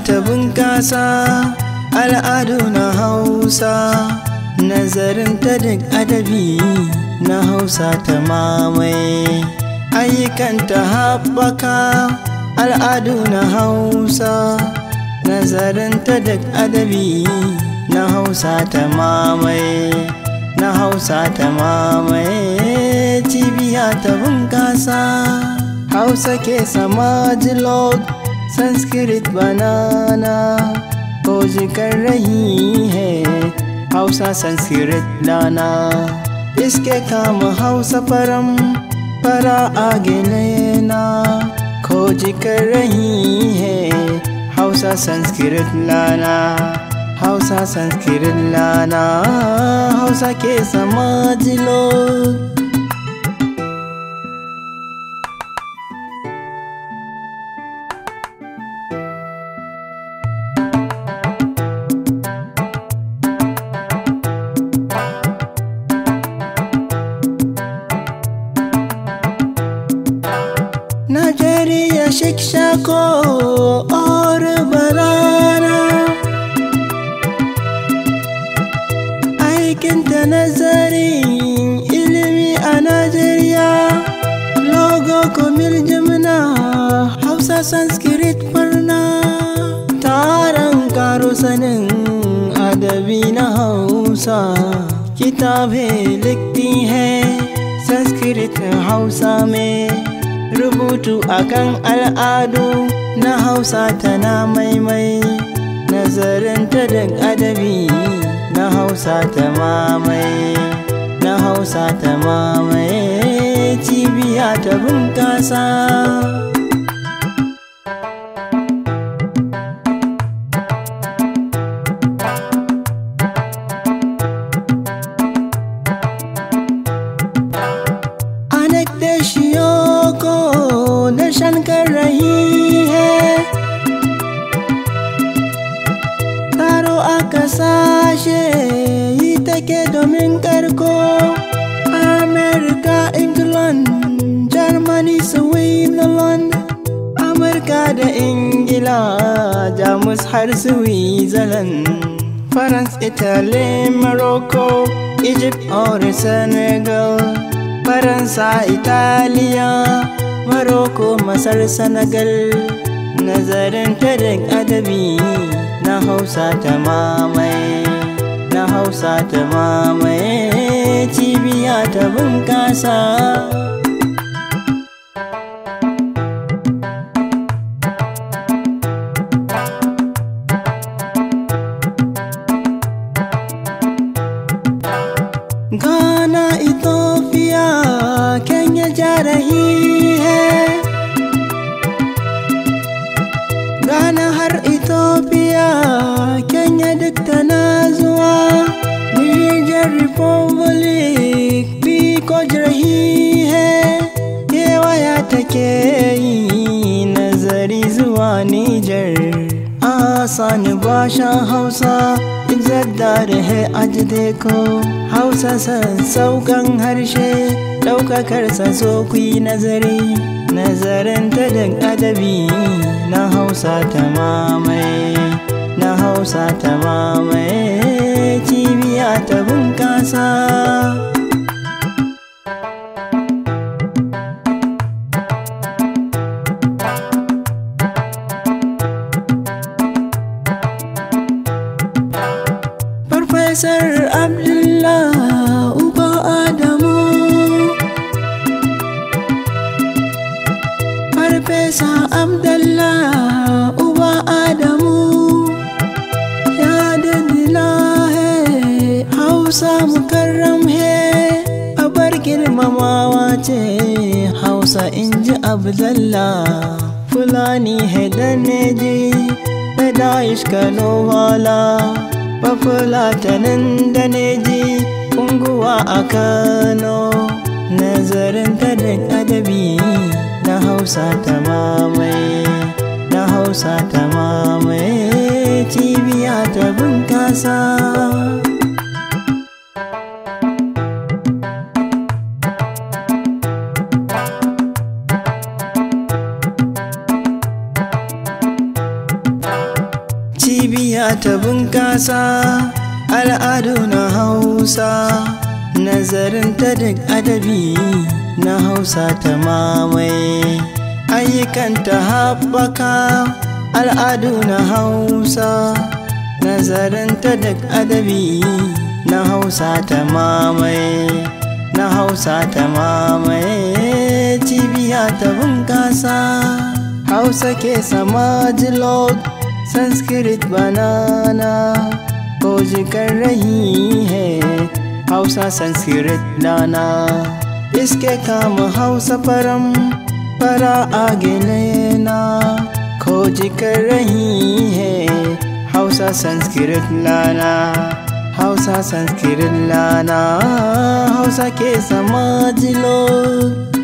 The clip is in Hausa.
ta bunƙasa al'adu na hausa nazarin ta duk adabi na hausa ta mamaye ayyukan ta haɓaka al'adu na hausa nazarin ta duk adabi na hausa ta mamaye na hausa ta mamaye cibiya ta bunƙasa hausa ke sama jilog संस्कृत बनाना खोज कर रही है Hausa संस्कृत लाना इसके काम हौसा परम परा आगे लेना खोज कर रही है हौसा संस्कृत लाना हौसा संस्कृत लाना हौसा के समाज लोग को और बनाना आई नजरी इल्मी अनजरिया लोगों को मिल जमना हौसा संस्कृत पढ़ना तारंग का रोशन अदबी न हौसा किताबें लिखती हैं संस्कृत हौसा में rubutu akan al'adu na hausa tana maimai nazarinta da adabi na hausa ta mamaye na hausa ta mamaye cibiya ta bunkasa बहन कर रही है taro aka sashe yi take domin karko america england germany switzerland amurka da ingila jamus har senegal faransa italiya maroko masar sanagal, nazarin tarin adabi na hausa ta mamaye na hausa ta mamaye cibiya ta bunƙasa Ghana, Ethiopia, Kenya, Jarahi. nake yi nazari zuwa Nijar आसान भाषा हौसा इज्जतदार da आज Hausa san saukan harshe ɗaukakarsa so ku yi nazari ta da adabi na hausa ta mamaye na hausa ta mamaye cibiya ta bunƙasa Farfesa Abdallah Uba Adamu Ya he Hausa mukarram he Abar girmamawa ce Hausa inji Abdallah Fulani he daneji, Daesh Kano wala Bafulatanin tanin daneji, Unguwa akan. hausa ta mamaye na hausa ta mamaye cibiya ta bunkasa cibiya ta bunkasa al'adu na hausa nazarin ta duk adabi na hausa ta mamaye ayyukanta haɓaka al'adu na hausa nazarinta da adabi na hausa ta mamaye na hausa ta mamaye cibiya ta bunƙasa hausa ke samajilot Sanskrit बनाना खोज कर रही है hausa sanskrit लाना इसके काम हौसा परम परा आगे लेना खोज कर रही है हौसा संस्कृत लाना हौसा संस्कृत लाना हौसा के समाज लोग